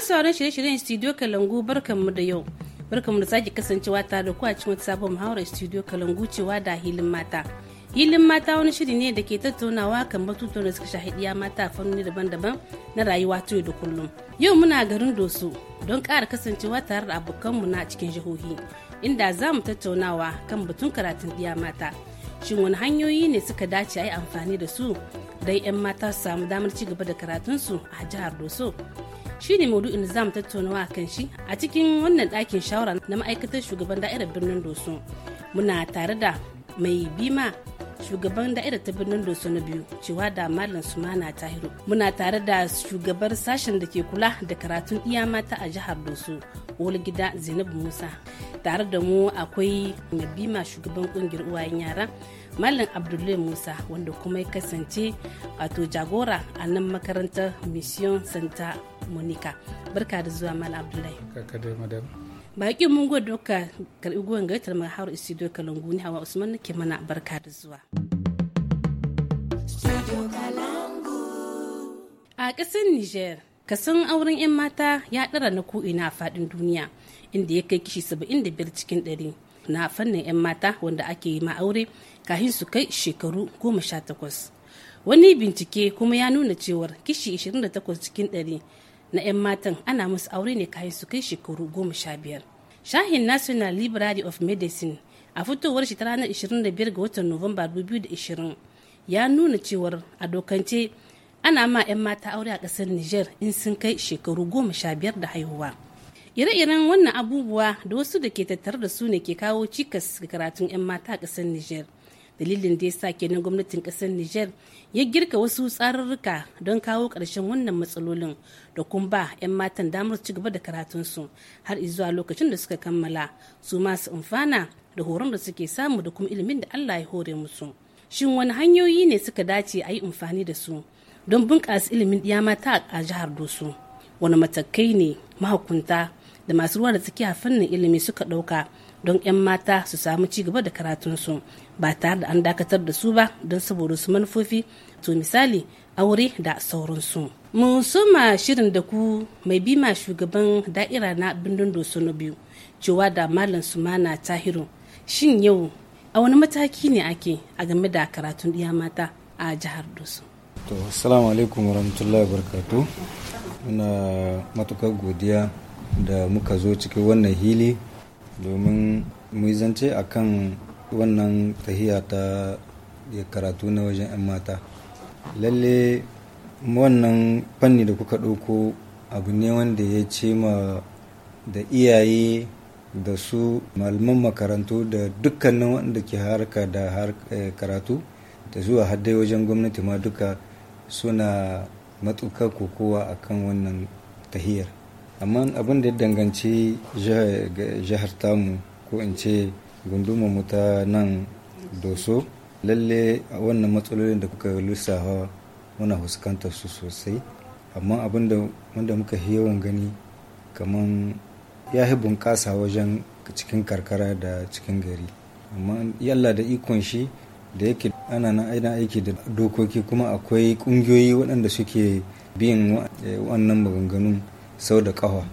masu sauran shirye-shiryen studio kalangu barkanmu da yau barkanmu da sake kasancewa tare da kuwa a cikin wata sabon muhawarar studio kalangu cewa da hilin mata hilin mata wani shiri ne da ke tattaunawa kan batutuwan da suka shahidiya mata a fannoni daban-daban na rayuwa ta yau da kullum yau muna garin doso don ƙara kasancewa tare da abokanmu na cikin jihohi inda za mu tattaunawa kan batun karatun iya mata shin wani hanyoyi ne suka dace a yi amfani da su don 'yan mata su samu damar ci gaba da karatunsu a jihar doso shine maudu'in da zamu tattaunawa kan shi a cikin wannan ɗakin shawara na ma'aikatar shugaban da'irar birnin doso muna tare da mai bima shugaban da'irar ta birnin doso na biyu cewa da malam sumana tahiru muna tare da shugabar sashen da ke kula da karatun iya mata a jihar doso gida zainabu musa tare da mu akwai mai bima shugaban kungiyar uwayen yara malam abdullahi musa wanda kuma ya kasance wato jagora a nan makarantar mission santa monica barka da zuwa malam abdullahi baki mun gwada doka karbi goyon gaitar mai har isi doka ni hawa usman ke mana barka da zuwa a ƙasar niger kasan auren 'yan mata ya ɗara na ko'ina a faɗin duniya inda ya kai kishi 75 cikin ɗari. na fannin 'yan mata wanda ake yi ma'aure kahin su kai shekaru goma sha wani bincike kuma ya nuna cewar kishi 28 cikin 100 na 'yan matan ana musu aure ne kahin su kai shekaru 15 shahin national library of medicine a fitowar shi ta ranar 25 ga watan nuwamba 2020 ya nuna cewar a dokance ana ma 'yan mata aure a kasar niger in sun kai shekaru 15 da haihuwa ire-iren wannan abubuwa da wasu da ke tattare da su ne ke kawo cikas ga karatun 'yan mata a ƙasar niger dalilin da ya sa kenan gwamnatin ƙasar niger ya girka wasu tsarurruka don kawo ƙarshen wannan matsalolin da kuma ba 'yan matan damar ci gaba da karatunsu har zuwa lokacin da suka kammala su masu amfana da horon da suke samu da kuma ilimin da allah ya hore musu shin wani hanyoyi ne suka dace a yi amfani da su don bunƙasa ilimin ɗiya mata a jihar dosu wani matakai ne mahukunta da masu ruwa da tsakiya fannin ilimi suka ɗauka don 'yan mata su samu ci gaba da karatunsu ba tare da an dakatar da su ba don saboda su manufofi to misali aure da sauransu. Mun ma shirin da ku mai bima shugaban da'ira na bindin doso na biyu cewa da malam sumana tahiru shin yau a wani mataki ne ake a game da karatun iya mata a jihar doso. To, assalamu alaikum warahmatullahi wabarakatuh. Muna matukar godiya da muka zo cikin wannan hili domin mu zance a kan wannan tahiya ta karatu na wajen 'yan mata lalle wannan fanni da kuka ɗauko abu ne wanda ya ce ma da iyaye da su malaman makarantu da dukkanin wanda ke harka da eh, karatu da zuwa haddai wajen gwamnati ma duka suna matuƙar kokowa akan wannan tahiyar amma abin da ya danganci jihar tamu ko in ce gunduma ta nan doso lalle wannan matsalolin da kuka lissafa muna fuskantar su sosai amma abin da wanda muka yawan gani kamar ya yi bunƙasa wajen cikin karkara da cikin gari amma yalla da ikon shi da yake ana na aina aiki da dokoki kuma akwai ƙungiyoyi waɗanda suke biyan eh, wannan maganganu. sau da ƙawa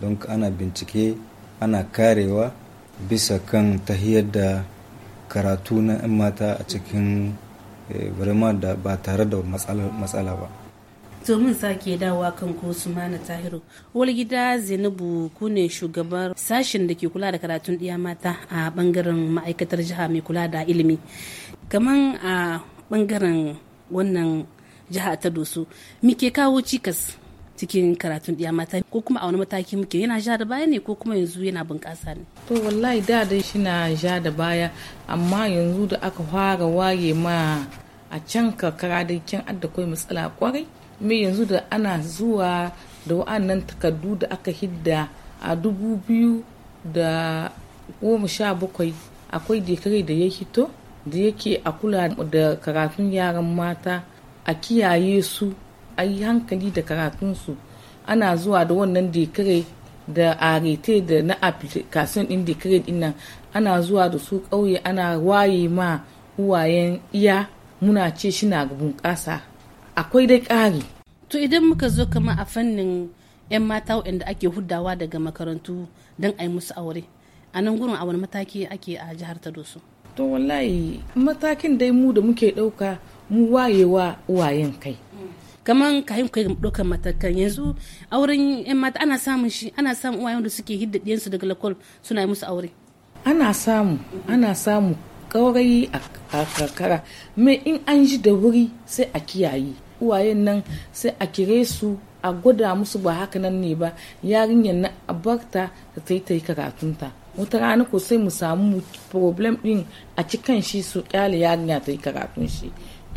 don ana bincike ana karewa bisa kan tahiyar da karatu na 'yan mata a cikin eh, birma da ba tare da matsala ba to mun sake dawa kan ko sumana tahiru gida zainabu ku ne shugabar sashen da ke kula da karatun ɗiya mata a bangaren ma'aikatar jiha mai kula da ilimi kaman a bangaren wannan jiha ta doso muke kawo cikas cikin karatun ɗiya mata ko kuma a wani mataki muke yana ja da baya ne ko kuma yanzu yana bunƙasa ne to wallahi da dai na ja da baya amma yanzu da aka fara waye ma a can karkara da can adda kai matsala kwarai me yanzu da ana zuwa da wa'annan takardu da aka hidda a dubu biyu da goma sha bakwai akwai dekare da ya hito da yake a kula da karatun yaran mata a kiyaye su a yi hankali da karatunsu ana zuwa da wannan dekare da arete da na application din decree din nan ana zuwa da su ƙauye ana waye ma uwayen iya muna ce shi na bunƙasa akwai dai ƙari to idan muka zo kama a fannin 'yan mata waɗanda ake hudawa daga makarantu don a yi musu aure a nan gurin a wani mataki ake a jihar ta dosu to wallahi matakin dai mu da muke ɗauka mu wayewa uwayen kai kaman ka yi kai ɗaukar matakan yanzu auren yan mata ana samun shi ana samun uwayen da suke hidda ɗiyansu daga lakol suna yi musu aure ana samu ana samu kawai a karkara mai in an ji da wuri sai a kiyaye uwayen nan sai a kire su a gwada musu ba haka nan ne ba yarinyar na a barta ta ta yi ta yi karatunta wata rana ko sai mu samu problem din a cikin shi su kyale yarinya ta yi karatun shi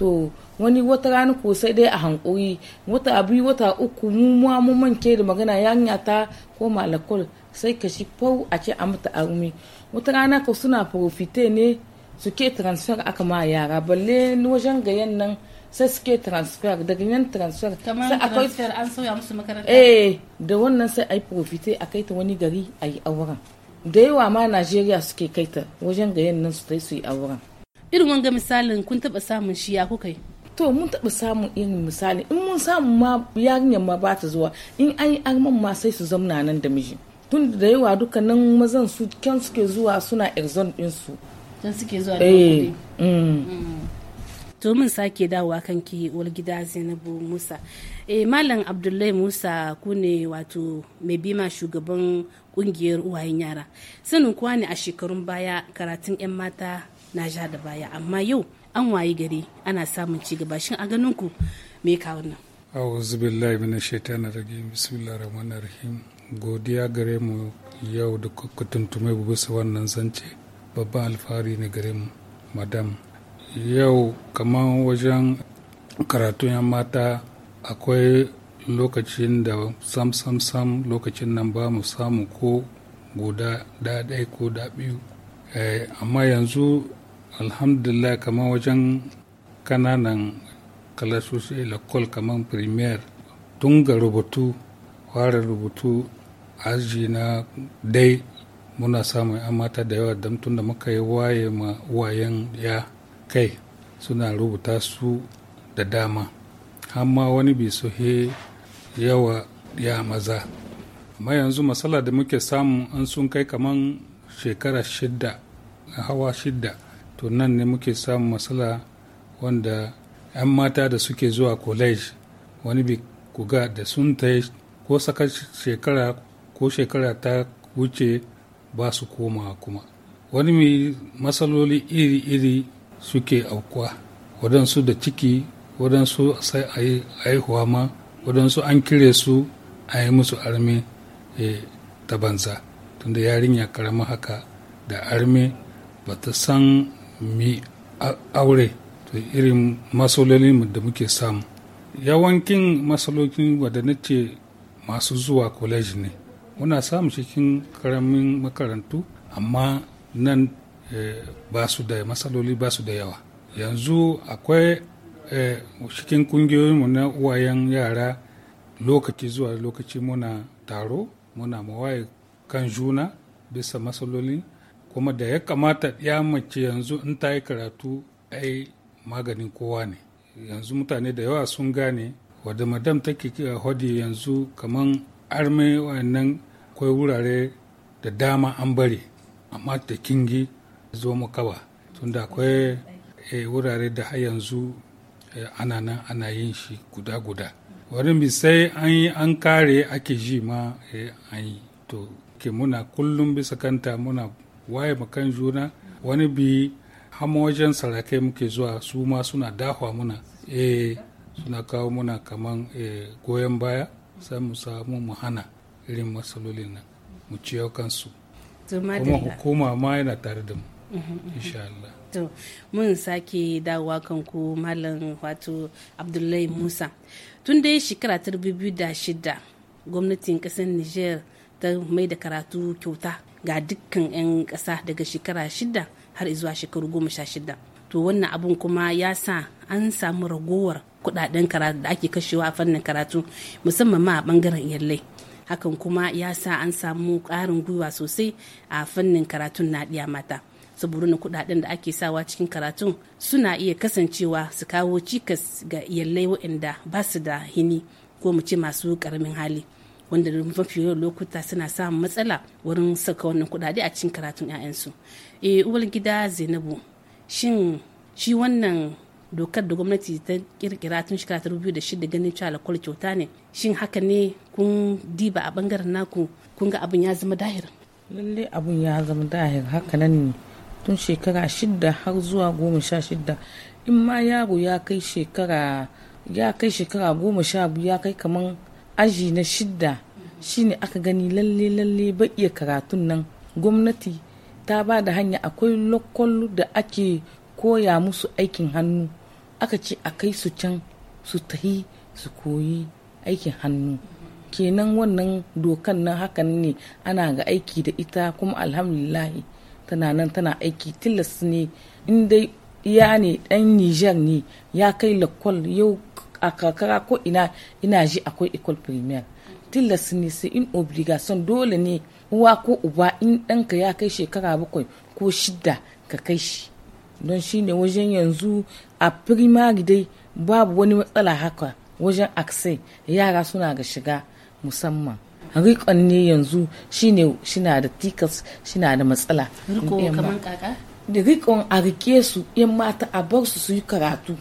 to wani wata rana ko sai dai a hankuri wata abu wata uku mu ma mu manke da magana yanya ta ko malakul sai ka shi fau a ce a mata arumi wata rana ko suna profite ne suke transfer aka ma yara balle wajen gayan nan sai suke transfer daga yan transfer kamar transfer an sauya musu makaranta eh da wannan sai ai profite a kai ta wani gari ai auren da yawa ma Najeriya suke kaita wajen yan nan su tai su yi auren irin wanga misalin kun taba samun shi ya kuka yi to mun taɓa samun irin misali in mun samu ma yarinyar ma ba ta zuwa in an yi arman ma sai su zamna nan da miji tun da yawa dukkanin mazan su kyan suke zuwa suna exon ɗinsu don suke zuwa da eh, mm. Mm. to mun sake dawowa kanki gida zainabu musa e, malam abdullahi musa ku ne wato mai bima shugaban kungiyar uwayen yara sanin kuwa ne a shekarun baya karatun 'yan mata na ja da baya amma yau an wayi gari ana samun ci gaba shin a ganin ku me ka wannan a'udhu billahi minash shaitani rajim bismillahir rahmanir rahim godiya gare mu yau da kuka bu bisa wannan zance babban alfahari ne gare mu madam yau kamar wajen karatun yan mata akwai lokacin da sam sam sam lokacin nan ba mu samu ko guda da ɗaya ko da biyu eh, amma yanzu alhamdulillah kamar wajen kananan kalasus lakol kamar premier tun ga rubutu fara rubutu aji na dai muna samun amata da yawa don tun da muka yi waye ma wayan ya kai suna rubuta su da dama amma wani bai so he yawa ya maza amma yanzu matsala da muke samu an sun kai kamar shekara shidda hawa shidda to nan ne muke samun matsala wanda 'yan mata da suke zuwa college wani bi kuga da sun ta ko saka shekara ko shekara ta wuce ba su koma kuma wani mai matsaloli iri-iri suke aukuwa waɗansu da ciki waɗansu sai a yi haihuwa ma waɗansu an kire su a yi musu armi e, ta banza tunda yarinya karama haka da armi ba ta san mi aure to irin masololin da muke samu yawancin masalokin wadda na ce masu zuwa kwaleji ne muna samu cikin karamin makarantu amma nan eh, ba su da masaloli ba su da yawa yanzu akwai eh, cikin kungiyoyinmu na uwayen yara lokaci zuwa lokaci muna taro muna mawaye kan juna bisa masaloli kuma da ya kamata ya mace yanzu in ta yi karatu ai maganin kowa ne yanzu mutane da yawa sun gane wadda madam take kira hodi yanzu kaman arme wannan kwai wurare da dama an bari amma ta kingi zo makawa tunda akwai eh, wurare da har yanzu eh, ana nan ana yin shi guda-guda wani misai sai an yi an kare ake ji ma eh, an yi to ke muna kullum bisa kanta muna waye kan juna wani bi hama wajen sarakai muke zuwa su ma suna dahwa muna eh suna kawo muna kaman eh, goyon baya sai mu samu mu hana irin matsalolin nan mu ciyo kansu kuma hukuma ma yana tare da mu mhm, mhm. Allah to mun sake dawowa kan ku malam wato abdullahi musa tun dai shekara ta shida gwamnatin kasar niger ta mai da karatu kyauta ga dukkan 'yan ƙasa daga shekara shida har zuwa shekaru goma sha shida to wannan abun kuma ya sa an samu ragowar kudaden karatu da ake kashewa a fannin karatu musamman ma a bangaren yallai hakan kuma ya sa an samu ƙarin gwiwa sosai a fannin karatun na ɗiya mata saboda na kudaden da ake sawa cikin karatun suna iya kasancewa su kawo cikas ga yallai waɗanda ba su da hini ko mu ce masu ƙaramin hali wanda mafi yawan lokuta suna samun matsala wurin saka wannan kuɗaɗe a cikin karatun 'ya'yansu eh uwar gida zainabu shin shi wannan dokar da gwamnati ta kirkira tun shekara ta rubu da shida ganin cewa alkohol kyauta ne shin haka ne kun diba a bangaren naku kun ga abin ya zama dahir lalle abin ya zama dahir haka nan ne tun shekara shida har zuwa goma sha shida in ma yaro ya kai shekara ya kai shekara goma sha biyu ya kai kamar. aji na shidda shine aka gani lalle lalle ba iya karatun nan gwamnati ta ba da hanya akwai lokol da ake koya musu aikin hannu aka ce a kai su can su tahi su koyi aikin hannu kenan wannan dokan nan hakan ne ana ga aiki da ita kuma alhamdulilahi tana nan tana aiki tilas ne in dai ya ne dan nijar ne ya kai lakwal yau a karkara ko ina ina ji akwai ecole primaire tilas ne sai in obligation dole ne uwa ko uba in ɗanka ya kai shekara bakwai ko shidda ka kai shi don shi ne wajen yanzu a primary dai babu wani matsala haka wajen aksai yara suna ga shiga musamman rikon ne yanzu shine shina da tikas shina da matsala rikon a rike su yan mata a bar su su yi karatu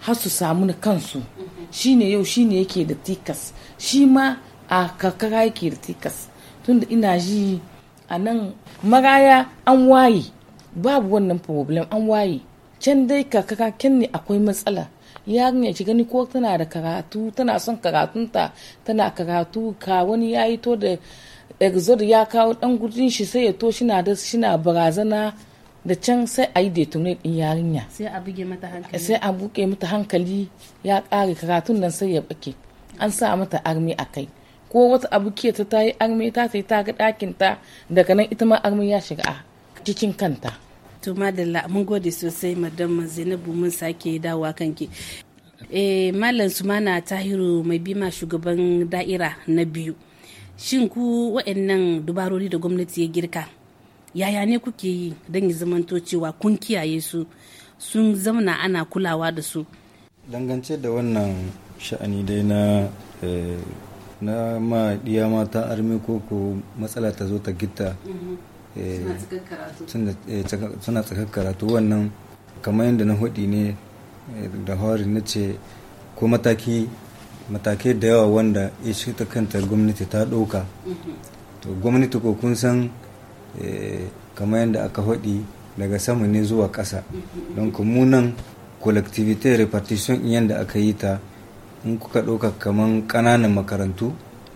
har su samu na kansu shine yau shine yake da tikas shi ma a karkara yake da tikas tunda ina ji a nan maraya an waye babu wannan problem an waye can dai karkara can ne akwai matsala yarinya ci gani ko tana da karatu tana son karatunta tana karatu ka wani ya yi to da exod ya kawo dan gudun shi sai ya to shi na barazana da can sai a yi detonate din yarinya sai a mata hankali buke mata hankali ya kare karatun nan sai ya bake an sa mata armi a kai ko wata abu ta tayi armi ta yi ta ga dakin ta daga nan ita ma armi ya shiga a cikin kanta to madalla mun gode sosai madam Zainabu mun sake dawowa kanki eh malam Sumana Tahiru mai bima shugaban da'ira na biyu shin ku waɗannan dubarori da gwamnati ya girka yaya ne kuke yi don ya zamanto cewa kun kiyaye su sun zamana ana kulawa da su dangance da wannan sha'ani dai na eh, na ma iya mata armi ko ko matsala ta zo ta gita mm-hmm. eh, eh, suna tsakar karatu wannan kamar yadda na hudi ne da hori na ce ko mataki matakai da yawa wanda ya shi ta kanta gwamnati ta ɗauka mm-hmm. to gwamnati ko kun san Eh, kamar yadda aka faɗi daga sama ne zuwa ƙasa don mu nan collectivity repartition yadda aka yi ta in kuka ɗauka kamar ƙananan makarantu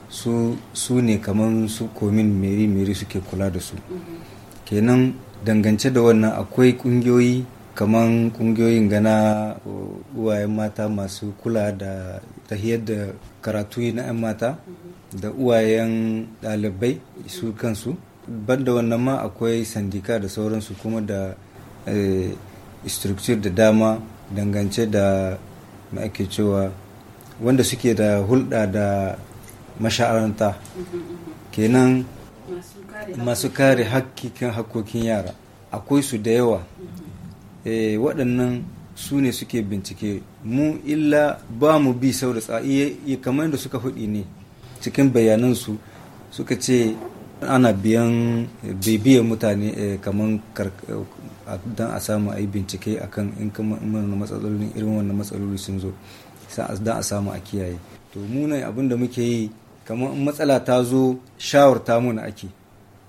su ne kamar su komin meri-meri suke kula da su kenan dangance da wannan akwai ƙungiyoyi kamar ƙungiyoyin gana uh, uwayen mata masu kula da tahiyar da karatu na 'yan mata da uwayen ɗalibai su kansu banda wannan ma akwai sandika da sauransu kuma da eh, structure da dama dangance da ake cewa wanda suke da hulɗa da masha'aranta kenan masu kare hakkikin hakkokin yara akwai su da yawa eh, waɗannan su ne suke bincike mu illa ba mu bi sau da tsa'i kamar da suka hudi ne cikin bayanansu suka ce ana biyan bibiyar mutane eh, kamar eh, don a samu a yi bincike akan in kamar matsalolin irin wannan matsaloli sun zo don a samu a kiyaye to muna abin da muke yi kamar in matsala ta zo shawarta muna ake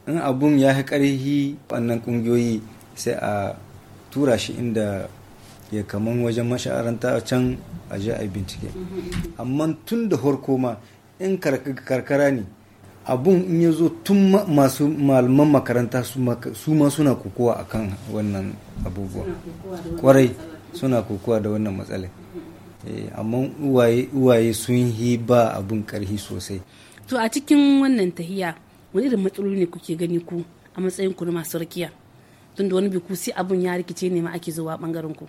in abun ya fi karhi wannan ƙungiyoyi sai a tura shi inda ya kamar wajen masharanta can a je a yi bincike mm-hmm. amma tun da horko ma in karkara ne abun in ya zo tun masu malaman makaranta su ma suna kokowa a kan wannan abubuwa kwarai suna kokowa da wannan matsala eh, amma uwaye sun yi ba abun karhi sosai to a cikin wannan tahiya wani irin matsaloli ne kuke gani ku a matsayin ku na masu rakiya tun da wani biku sai abun ya rikice ne ma ake zuwa bangaren ku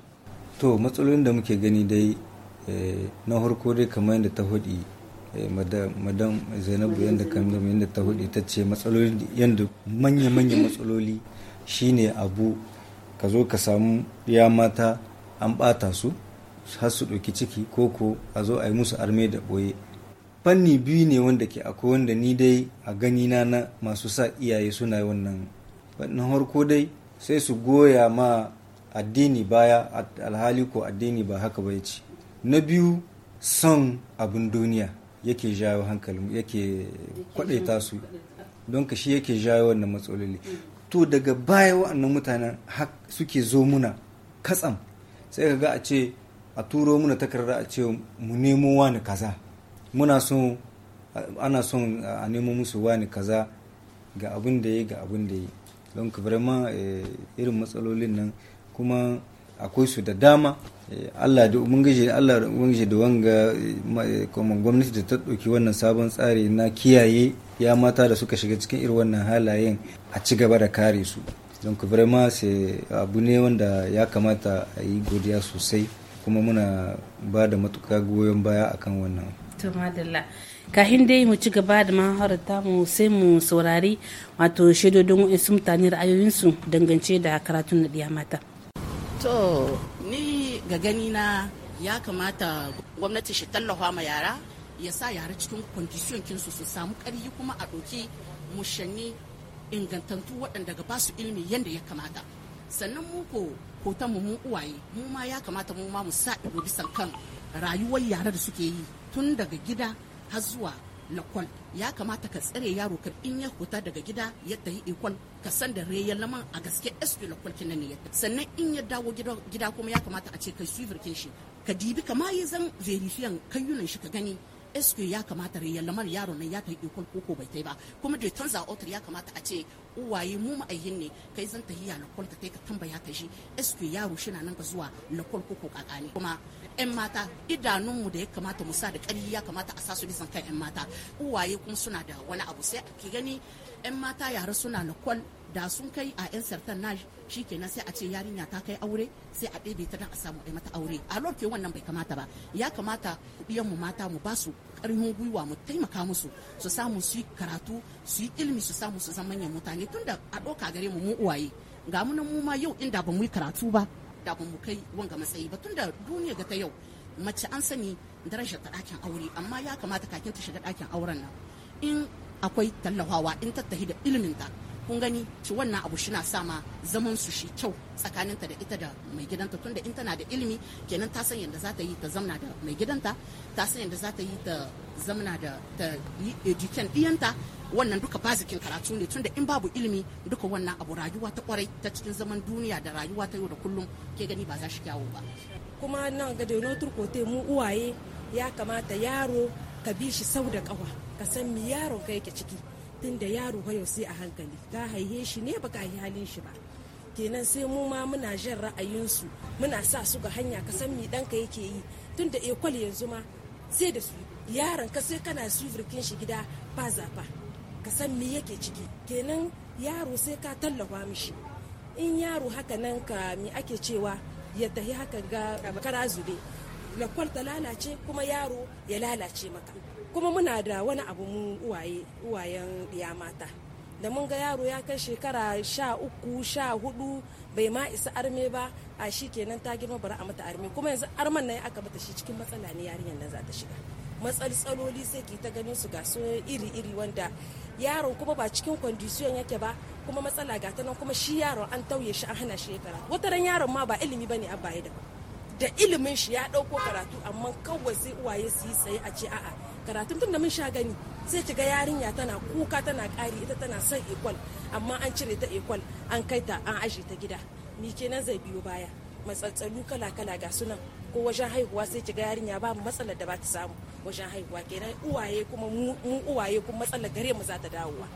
to matsalolin da muke gani dai eh, na harko dai kamar yadda ta hudi Eh, madam zainabu yadda kamilu yadda ta hudu ta ce matsaloli yadda manya-manya matsaloli shine abu ka zo ka samu ya mata an bata su har su ɗauki ciki ko a zo a yi musu arme da ɓoye fanni biyu ne wanda ke akwai wanda ni dai a gani na masu sa iyaye suna yi wannan na harko dai sai su goya ma addini baya alhali ko addini ba haka ba ya ce na biyu son abin duniya yake jawo hankalin yake kwadaita su don ka shi yake jawo wannan matsaloli to daga baya wa'annan mutanen suke zo muna katsam sai ka ga a ce a turo muna takarda a ce mu nemo wani kaza muna son ana son a nemo musu wani kaza ga abin da ya ga abin da ya don ka eh, irin matsalolin nan kuma akwai su da dama Allah da gaji Allah da gaji da wanga eh, kuma gwamnati da ta ɗauki wannan sabon tsari na kiyaye ya mata da suka shiga cikin irin wannan halayen a ci gaba da kare su don ku vraiment sai abu ne wanda ya kamata a yi godiya sosai kuma muna ba da matuka goyon baya akan wannan to madalla kahin dai mu ci gaba da maharar mu sai mu saurari wato shaidodin wasu mutane ra'ayoyinsu dangance da karatun na mata To, ni ga gani na ya kamata gwamnati shi tallafa ma yara ya sa yara cikin kwandishiyon kinsu su samu ƙarfi kuma a ɗauki mushanni ingantattu waɗanda ga ba su ilimi yadda ya kamata. Sannan mu ko hoton mu mu uwaye mu ma ya kamata mu ma mu sa ido bisan kan rayuwar yara da suke yi tun daga gida har zuwa lakwal ya kamata ka tsare yaro ka in ya huta daga gida ya yi ikon ka san da ya laman a gaske SP lakwal kinan ne sannan in ya dawo gida kuma ya kamata a ce kai su shi ka dibi kama yi zan verifiyan kayyunan shi ka gani SQ ya kamata ya lamar yaron nan ya kai ikon koko bai kai ba kuma da tanza otar ya kamata a ce uwaye mu ma'aihin ne kai zan tahiya lakol ka kai ka tambaya ka shi SQ yaro shi na nan ka zuwa lakol koko kakani kuma yan mata idanunmu da ya kamata mu sa da ƙarfi ya kamata a sa su nisan kan yan mata uwaye kuma suna da wani abu sai ki gani yan mata yara suna lakol da sun kai a yan sartan na shi kenan sai a ce yarinya ta kai aure sai a ɗebe ta dan a samu mata aure a lokacin wannan bai kamata ba ya kamata mu mata mu ba su ƙarfin gwiwa mu taimaka musu su samu su yi karatu su yi ilimi su samu su zama manyan mutane tun da a ɗauka gare mu mu uwaye ga mu nan mu ma yau inda ba mu yi karatu ba da ba mu kai wanga matsayi ba tun da duniya ga ta yau mace an sani darajar ta ɗakin aure amma ya kamata kakin ta shiga ɗakin auren nan in akwai tallafawa in tattahi da iliminta kun gani ci wannan abu shi na sa ma zaman su shi kyau tsakaninta da ita da mai gidanta tunda in tana da ilimi kenan ta san yadda za ta yi ta zamna da mai gidanta ta san yadda za ta yi ta zamna da ta yi ɗiyanta wannan duka bazikin karatu ne tunda in babu ilimi duka wannan abu rayuwa ta kwarai ta cikin zaman duniya da rayuwa ta yau da kullum ke gani ba za shi kyawo ba kuma nan ga da turkote mu uwaye ya kamata yaro ka bi shi sau da kawa ka san mi yaron ka yake ciki tun da yaro hayo sai a hankali ta haihe shi ne baka yi halin shi ba kenan sai mu ma muna jin ra'ayinsu muna sa su ga hanya ka san mi ɗanka yake yi tun da ekwal yanzu ma sai da su yaron ka sai kana suvirkin shi gida ba zafa ka san mi yake ciki kenan yaro sai ka tallafa mishi in yaro haka nan ka mi ake cewa ya tahi haka ga kara zube lakwal ta lalace kuma yaro ya lalace maka kuma muna da wani abu mu uwaye uwayen ɗiya mata da mun ga yaro ya kai shekara sha uku sha hudu bai ma isa arme ba a shi kenan ta girma bara a mata arme kuma yanzu arman nan aka mata shi cikin matsala ne yarinyar nan za ta shiga matsaltsaloli sai ki ta ganin su ga su iri iri wanda yaron kuma ba cikin kwandisiyon yake ba kuma matsala ga ta nan kuma shi yaron an tauye shi an hana shi ya karatu wata ran yaron ma ba ilimi bane a baya da da ilimin shi ya dauko karatu amma kawai sai uwaye su yi tsaye a ce a'a karatun tun da mun sha gani sai ki ga yarinya tana kuka tana ƙari ita tana son ekwal amma an cire ta ekwal an kai ta an aje ta gida ni kenan zai biyo baya matsatsalu kala-kala ga sunan ko wajen haihuwa sai ki ga yarinya ba matsalar da ba ta samu wajen haihuwa kenan uwaye kuma mu uwaye kuma matsalar gare mu za ta dawowa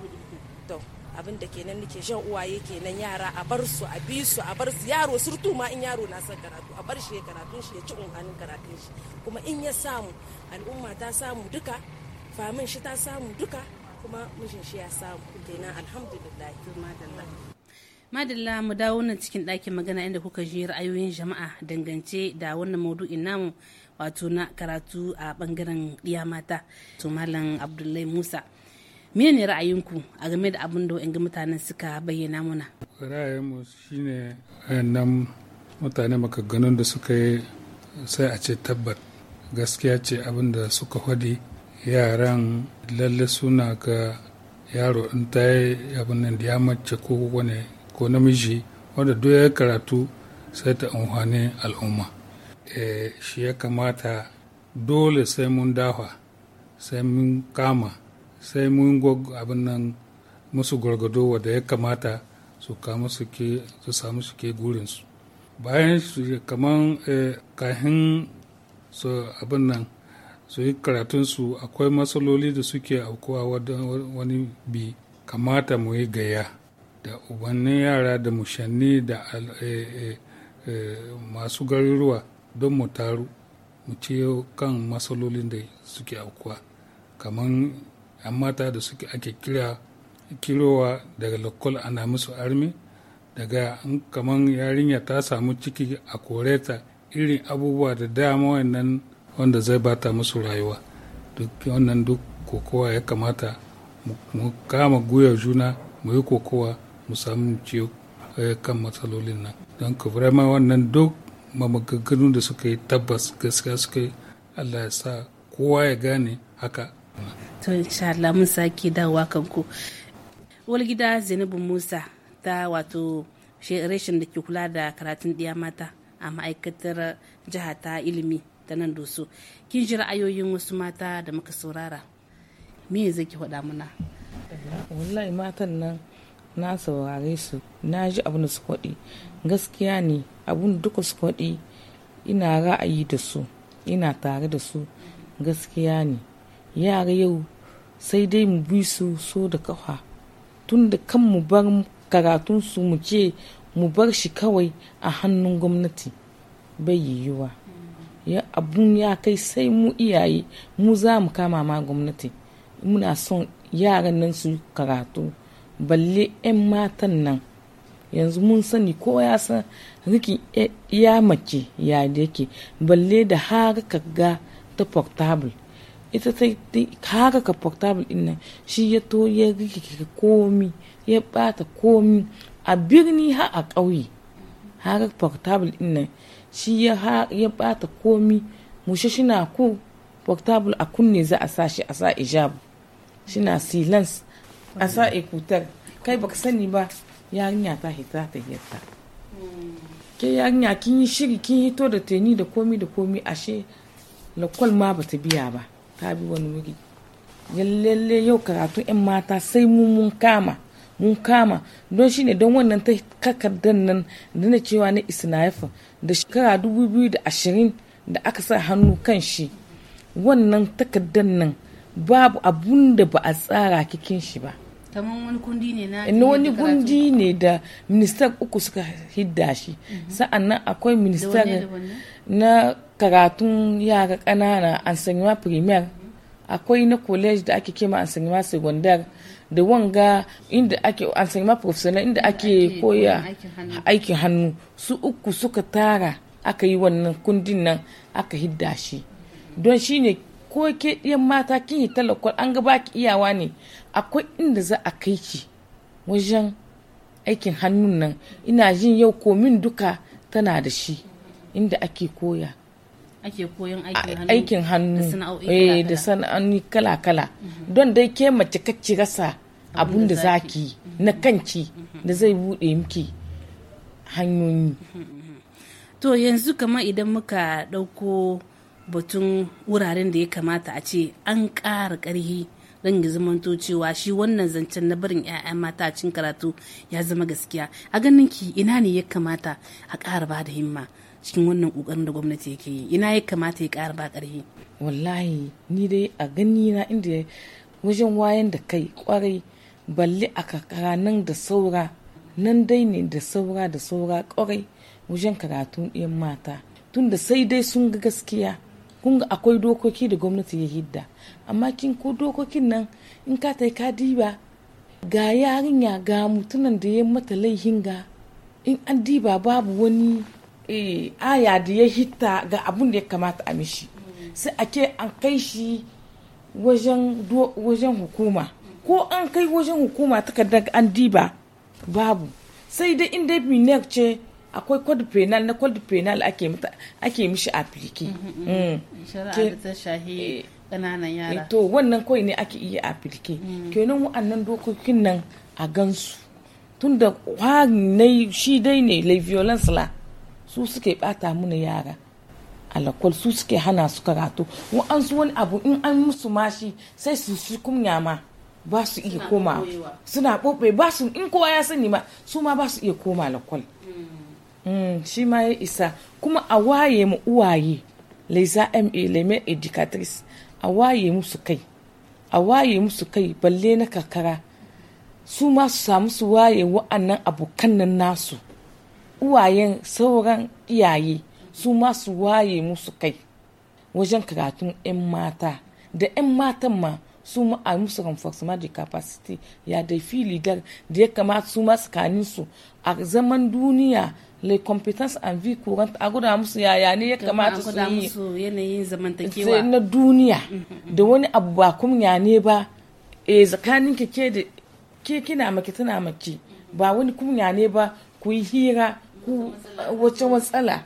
to abin da kenan nake shan uwaye kenan yara a bar su a bi su a bar su yaro surtu ma in yaro na son karatu a bar shi ya karatun shi ya ci unhanin karatun shi kuma in ya samu al'umma ta samu duka famin shi ta samu duka kuma mijin shi ya samu kenan alhamdulillah madalla mu dawo nan cikin ɗakin magana inda kuka ji ra'ayoyin jama'a dangance da wannan maudu'in namu wato na karatu a bangaren ɗiya mata to malam abdullahi musa mene ne ra'ayinku a game da abin da wa'in mutanen suka bayyana muna ra'ayinmu shine nan mutane ganin da suka yi sai a ce tabbat gaskiya ce abinda suka faɗi yaran lalle suna ga yaro in ta yi abin da ya mace ko wani ko namiji wanda duk ya karatu sai ta amfani al'umma eh, shi ya kamata dole sai mun dafa sai mun kama sai mun abin nan musu gwargwado wadda ya kamata su kama su ke su samu su ke gurinsu bayan su kaman eh, kahin su abin nan su yi karatunsu akwai matsaloli da suke aukuwa wani bi kamata mu yi gaya da ubannin yara da mushanni da eh, eh, eh, masu garuruwa don mu taru mu ce kan matsalolin da suke aukuwa kamar yan mata da suke ake kira kirowa daga lokal ana musu armi daga kamar yarinya ta samu ciki a koreta irin abubuwa da dama wannan wanda zai bata musu rayuwa duk wannan duk kokowa ya kamata mu kama guyar juna mu yi kokowa mu samu ciyo eh, kan matsalolin nan don ku ma wannan duk mamagaganu da suka yi tabbas gaskiya suka yi allah ya sa kowa ya gane haka to insha Allah mun sake dawowa kanku walgida zainabu musa ta wato reshen da ke kula da karatun diya mata a ma'aikatar jiha ta ilimi ta nan doso kin ji ra'ayoyin wasu mata da muka saurara me ya ki faɗa muna wallahi matan nan na saurare su na ji abin su kwaɗi gaskiya ne abin duka su kwaɗi ina ra'ayi da su ina tare da su gaskiya ne yara yau sai dai mu bi su so da kafa tun da kan mu bar karatun su mu ce mu bar shi kawai a hannun gwamnati bai yiyuwa ya abun ya kai sai mu iyaye mu za mu kama ma gwamnati muna son yaran nan su karatu balle 'yan matan nan yanzu mun sani ko ya san riki ya mace ya da yake balle da harkar ga ta portable ita ta harkar portable din shi ya to ya rikike komi ya bata komi a birni ha a ƙauye harar portable din nan shi ya bata komi mushe shina ku portable a kunne za a sa shi a sa Shi shina silence a sa ikutar. kai baka sani ba yarinya ta hita ta hita ke yarinya kin yi shiri kin hito da teni da komi da komi ashe lakwal ma bata biya ba ta bi wani wuri lalle yau karatu 'yan mata sai mun kama mun kama don shine don wannan ta kakardar nan da na cewa na isnaifa da shekara 2020 da aka sa hannu kan shi wannan takardar nan babu abun da ba a tsara kikin shi ba kamar wani kundi ne da ministan uku suka hidda shi mhm. sa'annan akwai ministan na karatun yara ƙanana ansanyuma premier mhm. akwai na college da ake kema ansanyuma secondary da wanga inda ake enseignement inda ake koya aikin hannu su uku suka tara aka yi wannan kundin nan aka hidda shi don shine ko ke ɗiyan mata kin yi talakwal an ga baki iyawa ne akwai inda za a kai ki wajen aikin hannun nan ina jin yau komin duka tana da shi inda ake koya ake koyon aikin hannu da sana'o'i eh, kala-kala mhm. don dai ke mace kacci rasa abun da zaki mhm. na kanki mhm. da zai bude miki hanyoyi to yanzu kamar idan muka dauko batun wuraren da ya kamata a ce an ƙara ƙarhi don ya zamanto cewa shi wannan zancen na barin 'ya'ya mata a cikin karatu ya zama gaskiya a ganin ki ina ne ya kamata a ƙara ba da himma cikin wannan kokarin da gwamnati yake yi ina ya kamata ya ƙara ba ƙarfi wallahi ni dai a gani na inda wajen wayan da kai kwarai balle a kakara nan da saura nan dai ne da saura da saura kwarai wajen karatu yan mata tun da sai dai sun ga gaskiya kun ga akwai dokoki da gwamnati ya hidda amma kin ko dokokin nan in ka ta ka diba ga yarinya ga mutunan da ya mata laihin ga in an diba babu wani Eh, aya da ya hita ga abun da ya kamata a mishi sai a ke an kai shi wajen hukuma ko an kai wajen hukuma ta takardar an diba babu sai dai inda minek ce akwai code penal na code penal ake mishi aplike shari'a yara to wannan kawai ne ake iya aplike mm. kenan wa'annan dokokin nan a gansu tun da kwanai shi dai ne la violence la su suke bata mana yara alakwal su suke hana su karatu in an su wani abu in an musu mashi sai su su kunya ma ba su iya koma suna bobe ba su in kowa ya sani ma su ma ba su iya koma alakwal hmm. hmm, shi ma ya isa kuma a waye mu uwaye leza ma leme educatrice a waye musu kai a waye musu kai balle na kakara su ma su samu su waye wa'annan abokan nan nasu uwayen sauran iyaye su masu waye musu kai wajen karatun 'yan mata da 'yan matan ma su ma a musu ma de capacity ya da fili da ya kamata su ma tsakanin su a zaman duniya le competence and vie courant a guda musu yaya ne ya kamata su yi yanayin zamantakewa na duniya mm-hmm. da wani abu ba kumya ne ba e tsakanin ke ke da ke kina mace tana maki ba wani kumya ne ba ku yi hira wace matsala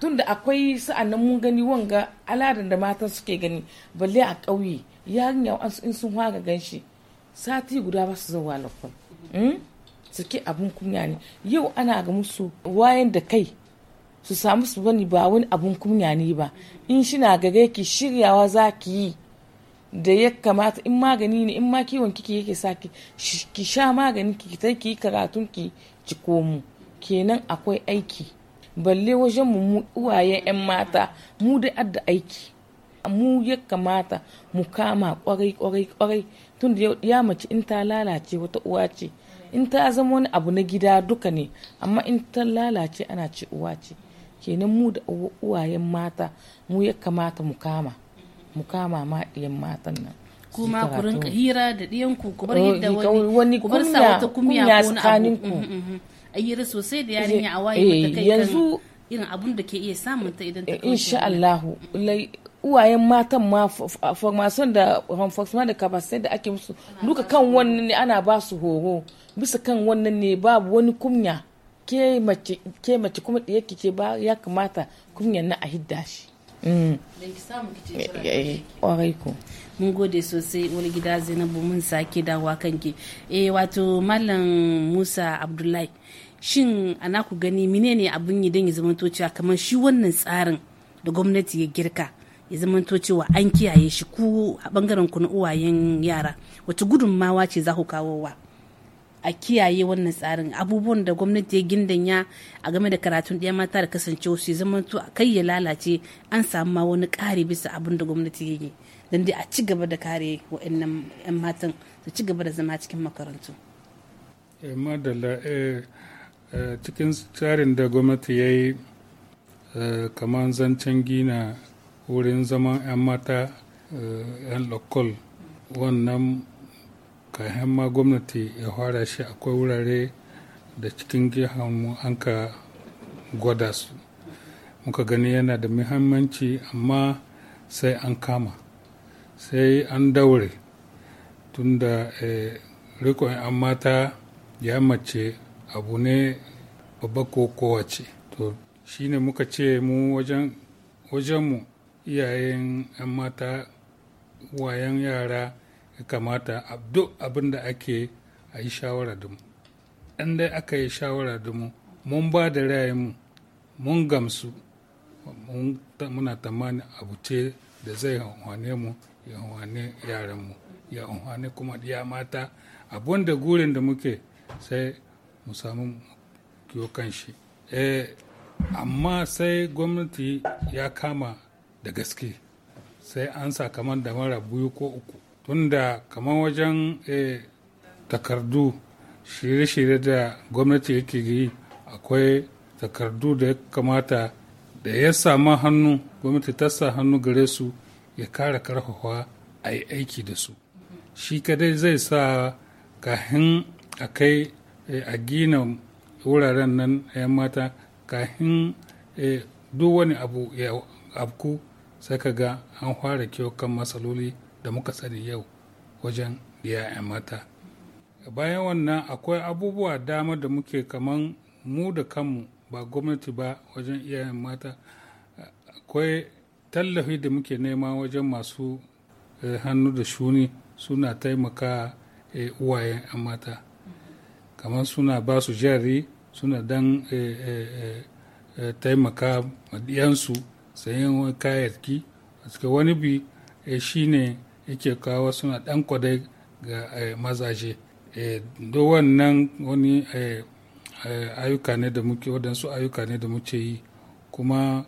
tunda akwai sa'annan mun gani wanga aladar da mata suke gani balle a ƙauye yarinya in sun hwaga ganshi sati guda ba su zauwa lakwal hmm? suke abun kunya ne yau ana ga musu wayan da kai su samu su wani ba wani abun kunya ne ba in shi na gare ki shiryawa za ki yi da ya kamata in magani ne in ma kiwon kike yake sa ki sha magani ki ta ki karatun ki ki komo kenan akwai aiki balle wajen mu uwaye 'yan mata mu da adda aiki mu ya kamata mu kama kwarai kwarai kwarai tun da ya mace in ta lalace wata uwa ce in ta zama wani abu na gida duka ne amma in ta lalace ana ce uwa ce kenan mu da uwayen mata mu ya kamata mu kama mu kama ma ɗiyan matan nan kuma ku rinka hira da diyan ku ku bar oh, yadda wani ku bar sa wata kumya ko wani abu ayyari sosai da yarinya a waye eh, mata kai yanzu irin abun da ke iya samun ta idan ta eh, insha Allah uwayen matan ma formation da renforcement da capacité da ake musu duka kan wannan ne ana ba su horo bisa kan wannan ne babu wani kunya ke mace kuma da yake ke ba ya kamata kunyan na a hidda shi Mm. Eh, eh, mun gode sosai wani gida zainabu mun sake dawa kanki eh wato malam musa abdullahi shin ana ku gani menene abin yi don ya zama cewa kamar shi wannan tsarin da gwamnati ya girka ya zamanto cewa an kiyaye shi ku a bangaren ku na uwayen yara wace gudunmawa ce za ku kawo wa a kiyaye wannan tsarin abubuwan da gwamnati ya gindanya a game da karatun ɗaya mata da kasancewa su zama to a kai ya lalace an samu ma wani ƙari bisa abin da gwamnati ya yi don dai a ci gaba da kare wa'annan 'yan matan su ci gaba da zama cikin makarantu. Eh, madalla eh, eh, cikin tsarin da gwamnati ya yi kamar zancen gina wurin zaman 'yan mata 'yan lokal wannan kayan ma gwamnati ya fara shi akwai wurare da cikin mu an ka gwada su muka gani yana da muhimmanci amma sai an kama sai an daure tunda eh, rikon 'yan mata ya mace abu ne babba ko kowace to shine muka ce mu wajen wajenmu iyayen 'yan mata wayan yara ya kamata duk abin da ake a yi shawara da mu ɗan dai aka yi shawara da mu mun ba da mu mun gamsu muna tamani abu ce da zai hanwane mu ya hanwane yaranmu ya hanwane kuma ya mata abin da gurin da muke sai mu samu kiyo kan shi eh, amma sai gwamnati ya kama da gaske sai an sakaman da mara biyu ko uku tunda kamar wajen eh, takardu shirye-shirye da gwamnati yake yi akwai takardu da ya kamata da ya samu hannu gwamnati ta sa hannu gare su ya kara karfafa a yi aiki da su shi kadai zai sa kahin a kai eh, a gina wuraren nan yan mata kahin eh, duk wani abu ya abku sai ka ga an fara kyau kan matsaloli da muka sani yau wajen ‘ya'ya mata bayan wannan akwai abubuwa dama da muke kaman mu da kanmu ba gwamnati ba wajen iyayen mata akwai tallafi da muke nema wajen masu eh, hannu da shuni suna taimaka eh, uwayen 'yan mata kamar suna ba su jari suna dan eh, taimaka madiyansu sayan kayayyaki a wani bi shine yake kawo suna ɗan kwadai ga eh, mazaje eh, do wannan wani eh, ayyuka ne da muke waɗansu ayyuka ne da muke yi kuma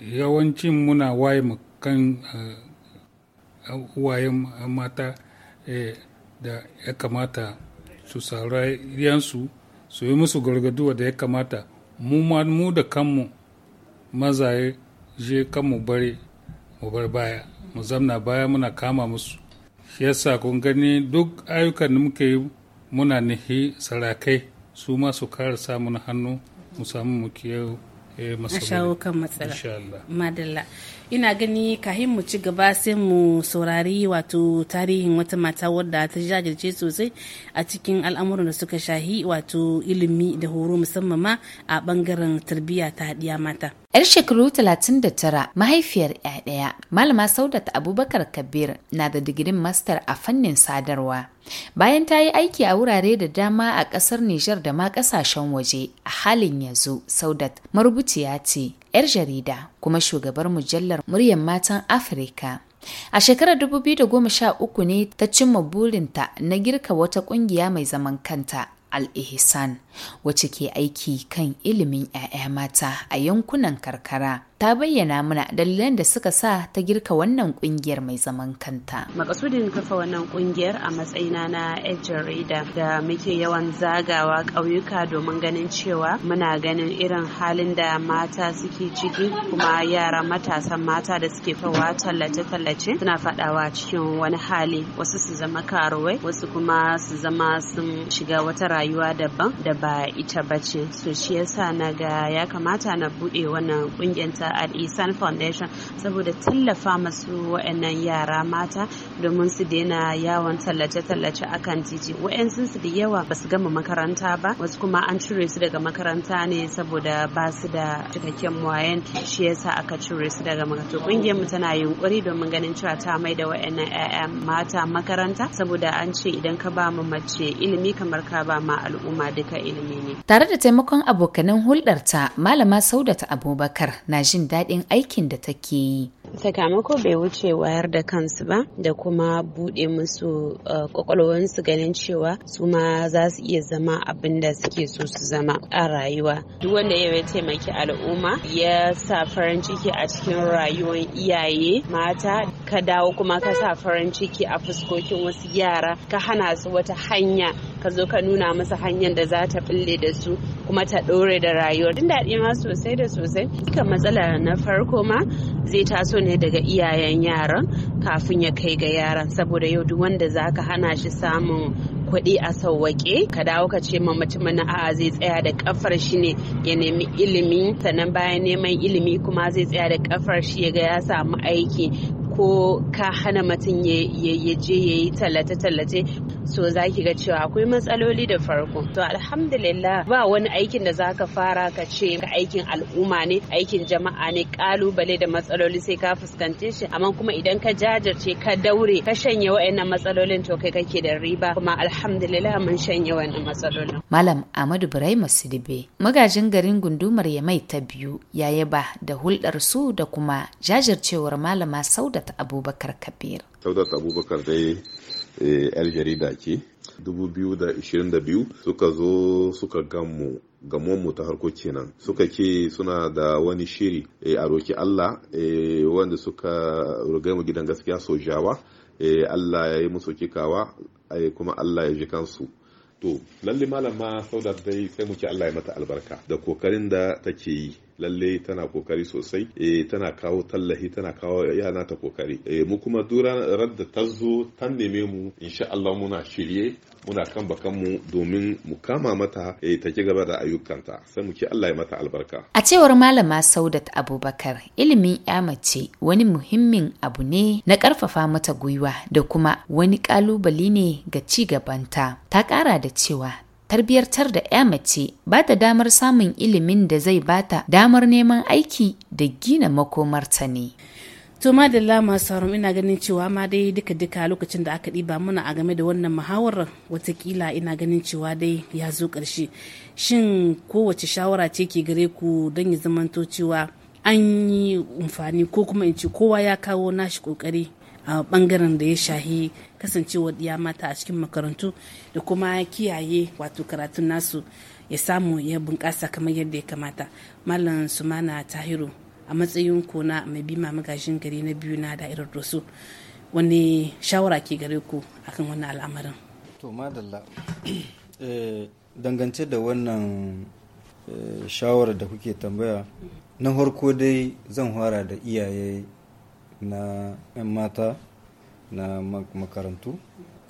yawancin muna waye kan uwayen mata da ya kamata su saurari yansu su yi musu gargaduwa da ya kamata mu da kanmu mazaye je kanmu bare mu bar baya mu zamna baya muna kama musu shi yasa kun gani duk ayyukan da muke yi muna nihi sarakai su ma su kara samun hannu mu samu mu kiyo eh, a shawo kan matsala madalla ina gani kahin mu ci gaba sai mu saurari wato tarihin wata mata wadda ta jajirce sosai a cikin al'amuran da suka shahi wato ilimi da horo musamman ma a bangaren tarbiyya ta haɗiya mata Yar shekaru 39 mahaifiyar ɗaya Malama Saudat Abubakar Kabir na da digirin Master a fannin sadarwa. Bayan ta yi aiki a wurare da dama a ƙasar Nijar da ma ƙasashen waje, a halin yanzu Saudat marubuciya ce, 'yar jarida kuma shugabar mujallar muryar matan Afirka. A shekarar 2013 ne ta cimma burinta na girka wata ƙungiya mai zaman kanta, Al-Ihsan. wacce ke aiki kan ilimin 'ya'ya mata a yankunan karkara ta bayyana mana dalilan da suka sa ta girka wannan kungiyar mai zaman kanta. Makasudin kafa wannan kungiyar a matsayina na yan jarida da muke yawan zagawa ƙauyuka domin ganin cewa muna ganin irin halin da mata suke ciki kuma yara matasan mata da suke fawa tallace-tallace suna fadawa cikin wani hali wasu su zama karuwai wasu kuma su zama sun shiga wata rayuwa daban daban ba ita ba ce so shi yasa na ga ya kamata na bude wannan kungiyar ta al-isan e foundation saboda tallafa masu wa'annan yara mata domin su daina yawon tallace-tallace akan titi wa'yansu su da yawa ba su gama makaranta ba wasu kuma an cire su daga makaranta ne saboda ba su da cikakken wayan shi yasa aka cire su daga makaranta kungiyar mu tana yunkuri domin ganin cewa ta mai da wa'annan 'ya'ya mata makaranta saboda an ce idan ka ba mu mace ilimi kamar ka ba ma al'umma duka ilimi ilimi ne. Tare da taimakon abokanan hulɗarta Malama Saudata Abubakar na jin daɗin aikin da take yi. sakamako bai wuce wayar da kansu ba da kuma buɗe musu kwakwalwansu eh, ganin cewa su ma za su iya zama abin da suke so su zama a rayuwa duk wanda ya taimaki al'umma ya sa farin ciki a cikin rayuwar iyaye mata ka dawo kuma ka sa farin ciki a fuskokin wasu yara ka hana su wata hanya ka zo ka nuna musu hanyar da za ta bille da su kuma ta ɗore da rayuwa tun daɗi ma sosai da sosai duka matsala na farko ma zai taso ne daga iyayen yaran kafin ya kai ga yaran saboda yau duk wanda zaka hana shi samun kuɗi a sauwaƙe ka dawo ka ce ma mutumin a'a zai tsaya da kafar shi ne ya nemi ilimi sannan bayan neman ilimi kuma zai tsaya da kafar shi ya ga ya samu aiki ko ka hana mutum ya je ya yi tallace-tallace so za ki ga cewa akwai matsaloli da farko to alhamdulillah ba wani aikin da za ka fara ka ce ka aikin al'umma ne aikin jama'a ne kalubale da matsaloli sai ka fuskante shi amma kuma idan ka jajirce ka daure ka shanye wa'annan matsalolin to kai kake da riba kuma alhamdulillah mun shanye wa'annan matsalolin malam Ahmadu Ibrahim Sidibe magajin garin gundumar ya mai ta biyu ya yaba da hulɗar su da kuma jajircewar malama Sau da Saudat Abubakar Kabir. Saudat Abubakar dai eh, yar jarida ce. 2022 suka zo suka gamu mu ta harko kenan suka ke suna da wani shiri eh, a roki Allah eh, wanda suka mu gidan gaskiya sojawa Allah ya yi musu kikawa kuma Allah ya ji kansu to lalle malama saudat dai sai mu ce Allah ya mata albarka da kokarin da take yi lalle tana kokari sosai eh tana kawo tallahi tana kawo yana ta kokari eh mu kuma dura radda ta zo ta neme mu insha Allah muna shirye muna kan bakan mu domin mu kama mata e ta ki gaba da ayyukanta sai mu ci Allah ya mata albarka a cewar malama Saudat Abubakar ilimin ya mace wani muhimmin abu ne na karfafa mata gwiwa da kuma wani kalubali ne ga ci gabanta ta kara da cewa tarbiyartar da 'ya mace ba ta damar samun ilimin da zai ba ta damar neman aiki da gina makomarta ne. to madalla masu sauran ina ganin cewa ma dai duka-duka lokacin da aka ɗiba muna a game da wannan muhawarar watakila ina ganin cewa dai ya zo ƙarshe shin kowace shawara ce ke gare ku don ya zamanto cewa an yi amfani ko kuma in ce kowa ya kawo nashi ƙoƙari a bangaren da ya shahi kasancewa ya mata a cikin makarantu da kuma kiyaye wato karatun nasu ya samu ya bunƙasa kamar yadda ya kamata malam sumana tahiru a matsayin kona mai ma magashin gari na biyu na da'irar doso wani shawara ke gare ku akan wannan al'amarin to eh, dangance da wannan eh, shawarar da kuke tambaya na harko dai zan fara da iyaye na 'yan mata na makarantu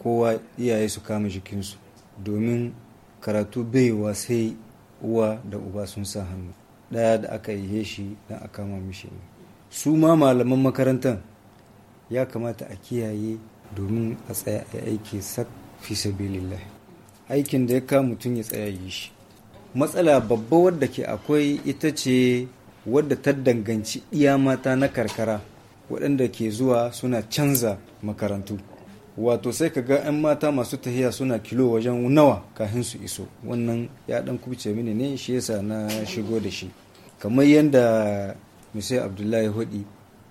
kowa iyaye su kama jikinsu domin karatu baiwa sai uwa da uba sun sa hannu ɗaya da aka yi shi don a kama mishi ne su ma malaman makarantar ya kamata a kiyaye domin a tsaya a aiki sak fi sabilillah aikin da ya kama mutum ya tsaya yi shi matsala babba wadda ke akwai ita ce wadda ta danganci iya mata na karkara waɗanda ke zuwa suna canza makarantu wato sai ka ga 'yan mata masu tahiya suna kilo wajen nawa kafin su iso wannan ya dan kubce mini ne shi yasa na shigo da shi kamar yadda musai abdullahi hudi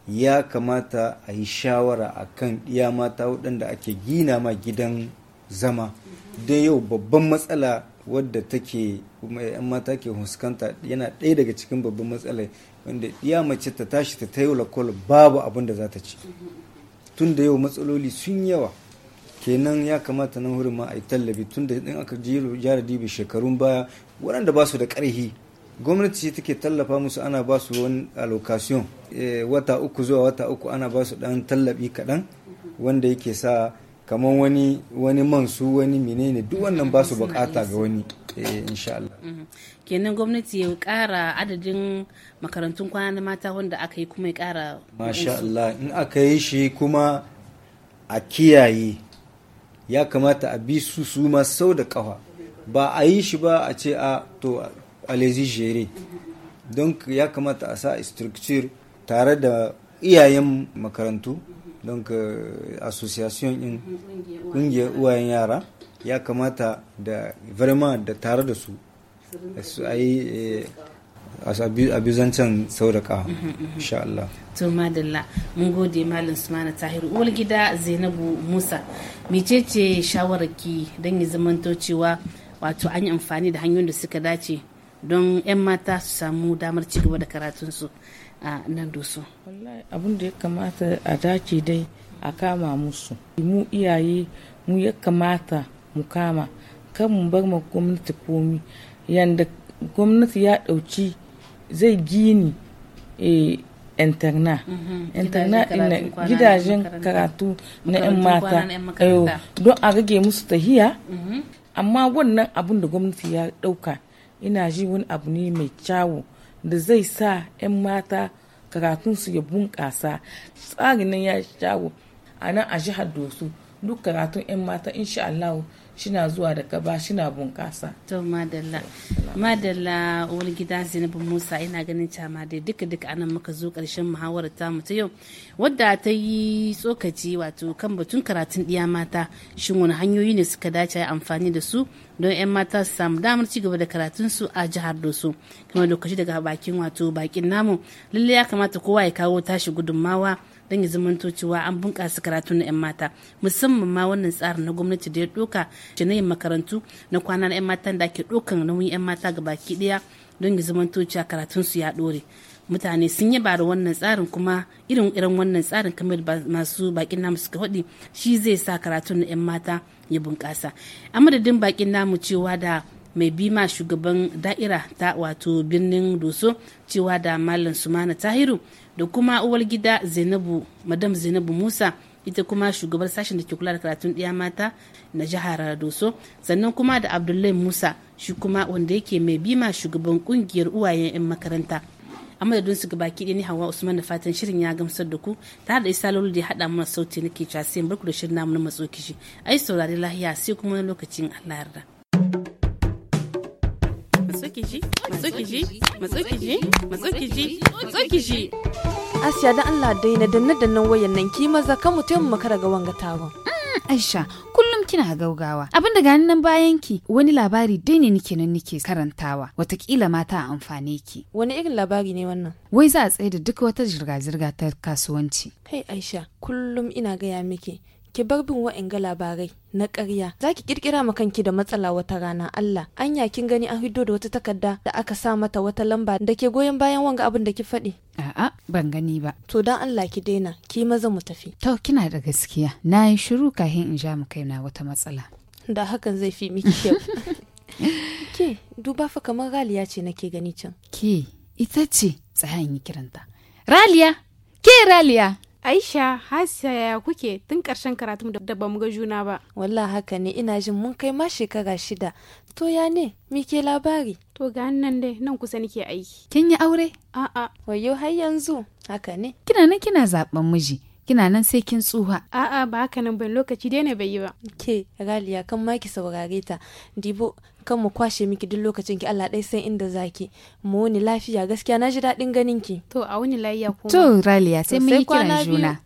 ya kamata a yi shawara a kan iya mata waɗanda ake gina ma gidan zama don yau babban matsala wadda take 'yan mata ke huskanta yana ɗaya daga cikin babban matsala. wanda iya mace ta tashi ta tayo lakol babu abin da za ta ci tun da yau matsaloli sun yawa kenan ya kamata nan hurin ma a yi tallafi tun da in aka jara dibi shekarun baya waɗanda ba su da ƙarhi gwamnati ce take tallafa musu ana ba su wani allocation eh, wata uku zuwa wata uku ana ba su ɗan tallafi kaɗan wanda yake sa kamar wani wani man su wani menene duk wannan ba su bukata ga wani eh, insha Allah mhm. kenan gwamnati ya kara adadin makarantun kwana na mata wanda aka yi kuma ya kara masha Allah in aka yi shi kuma a kiyaye ya kamata a bi su su ma sau da kafa ba a yi shi ba a ce a to alezi jere don ya kamata a sa structure tare da iyayen makarantu don association in ƙungiyar uwayen yara ya kamata da verma da tare da su su eh, a yi a bizancen sauraka mhm, mhm, mhm. insha Allah. to madalla mun gode malam sumana tahiru uwar gida zainabu musa mecece shawararki don yi zamanto cewa wato an yi amfani da hanyoyin da suka dace don 'yan mata su samu damar cigaba da karatunsu a nan doso wallahi abin da ya kamata a dace dai a kama musu mu iyaye mu ya kamata mu kama kan mu bar ma gwamnati komi yanda gwamnati ya ɗauki zai gini interna eh, interna mhm. gidajen karatu na 'yan mata don a rage musu tahiya mhm. amma wannan abun da gwamnati ya ɗauka ina ji wani abu ne mai kyawu da zai sa 'yan mata karatunsu ya bunƙasa tsarin nan ya shago a nan a jihar dosu duk karatun 'yan mata insha Allah shina zuwa da gaba shina bunƙasa. To madalla. Madalla wani gida Zainabu Musa ina ganin cama dai duka duka anan muka zo ƙarshen muhawarar tamu ta yau wadda ta yi tsokaci wato kan batun karatun ɗiya mata shin wani hanyoyi ne suka dace a amfani da su don 'yan mata su samu damar ci gaba da karatun su a jihar Doso kamar lokaci daga bakin wato bakin namu lallai ya kamata kowa ya kawo tashi gudunmawa don ya zamanto cewa an bunkasa karatu na 'yan mata musamman ma wannan tsarin na gwamnati da ya doka na makarantu na kwana na 'yan matan da ake ɗokan nauyin 'yan mata gabaki ɗaya don ya zamanto cewa su ya dore mutane sun yaba da wannan tsarin kuma irin irin wannan tsarin kamar masu bakin namu suka hudi shi zai sa karatun na 'yan mata ya bunƙasa amadadin bakin namu cewa da mai bima shugaban da'ira ta wato birnin doso cewa da malam sumana tahiru da kuma uwar gida zainabu madam zainabu musa ita kuma shugabar sashen da ke kula da karatun ɗiya mata na jihar doso sannan kuma da abdullahi musa shi kuma wanda yake mai bima shugaban kungiyar uwayen 'yan makaranta a madadin su gabaki ɗaya ni hawa usman da fatan shirin ya gamsar da ku tare da isa lolo da ya haɗa mana sauti nake ke sai barku da shirin namu na matso kishi ai saurari lahiya sai kuma lokacin allah yarda matsukiji matsukiji asiya da allah daina danna dannan wayan nan ki maza kan mutum ga wanga tawon mm, aisha kullum kina gaugawa abinda gani nan bayan ki wani labari dai ne nike nan nike karantawa watakila mata a amfane ki wani irin labari ne wannan wai za a tsaye da duk wata zirga-zirga ta kasuwanci kai aisha kullum ina gaya miki ki bar bin wa'anga labarai na ƙarya za ki kirkira ma kanki da matsala wata rana Allah anya kin gani an hiddo da wata takarda da aka sa mata wata lamba da ke goyon bayan wanga abin da ki faɗi a'a ban gani ba to dan Allah ki daina ki maza mu tafi to kina da gaskiya na yi shiru kahin in ja mu kaina wata matsala da hakan zai fi miki kyau ke duba fa kamar Raliya ce nake gani can ke ita ce tsayan yi kiranta Raliya ke Raliya Aisha, Hasiya yaya kuke tun ƙarshen karatun da ba mu ga juna ba? Wallah haka ne ina jin mun kai ma shekara shida. To ya ne, mi ke labari? To ga nan dai nan kusa nake aiki. Kin yi aure? A'a. Wayo har yanzu. Haka ne. Kina nan kina zaben miji. Kina nan sai kin tsuha. A'a ba haka nan ban lokaci dai daina bai yi ba. Ke, Raliya kan ma ki saurare ta. Dibo, kan mu kwashe miki duk lokacin ki Allah dai san inda zaki mu wuni lafiya gaskiya na ji daɗin ganin ki to a wuni lafiya kuma to raliya sai mun yi kiran juna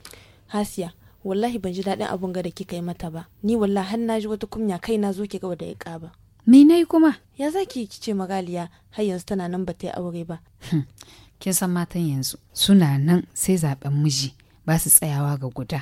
hasiya wallahi ban ji daɗin abun ga da kika yi mata ba ni wallahi har na ji wata kunya kai na zo ki ga da ya ƙaba me nayi kuma ya zaki ki ce magaliya har yanzu tana nan ba ta yi aure ba hmm, kin san matan yanzu suna nan sai zaben miji ba su tsayawa ga guda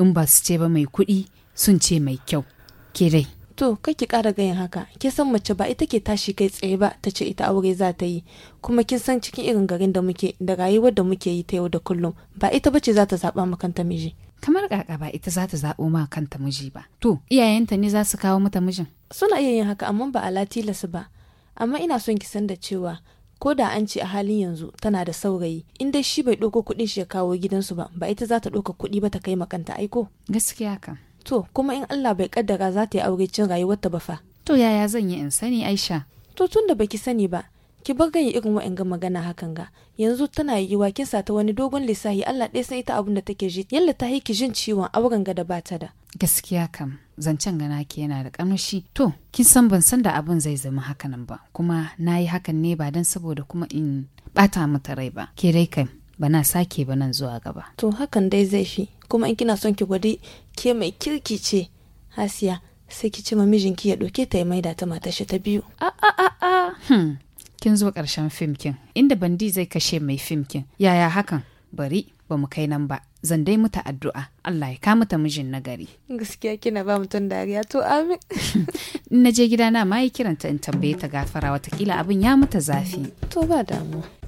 in ba su ce ba mai kuɗi sun ce mai kyau ke dai To, kake ga yin haka, ke san mace ba ita ke tashi kai tsaye ba ta ce ita aure za ta yi, kuma kin san cikin irin garin da muke da rayuwar da muke yi ta yau da kullum, ba ita ba ce za ta zaɓa ma kanta miji. Kamar kaka ba ita za ta zaɓo ma kanta miji ba. To, iyayenta ne za su kawo mata mijin? Suna iya yin haka amma ba a su ba, amma ina son ki san da cewa ko da an ce a halin yanzu tana da saurayi in dai shi bai ɗauko kuɗin shi ya kawo gidansu ba ba ita za ta ɗauka kuɗi ba ta kai makanta aiko gaskiya kam To kuma in Allah bai kaddara za ta yi aure cin ta ba fa. To yaya zan yi in sani Aisha? To tun da baki sani ba, ki bar ganye irin wa'in magana hakan ga. Yanzu tana yiwuwa kin sa ta wani dogon lissahi Allah ɗaya san ita abin da take ji. Yalla ta yi ki jin ciwon auren ga da bata da. Gaskiya kam zancen gana ki yana da kamshi. To kin san ban san da abin zai zama hakanan ba kuma na yi hakan ne ba don saboda kuma in bata mata rai ba. Ke dai kai ba na sake ba nan zuwa gaba. To hakan dai zai fi kuma in kina son ki gwadi ke mai kirki ce hasiya sai ki ci mijinki ya ɗauke ta ya maida ta matar shi ta biyu. A a a a hmm. kin zo ƙarshen fim kin inda bandi zai kashe mai fim kin yaya hakan bari ba mu kai nan ba zan dai muta addu'a Allah ya kama ta mijin na gari. Gaskiya kina ba mutum dariya to amin. Na je gidana ma yi kiranta in tambaye ta gafara watakila abin ya mata zafi. To ba damu.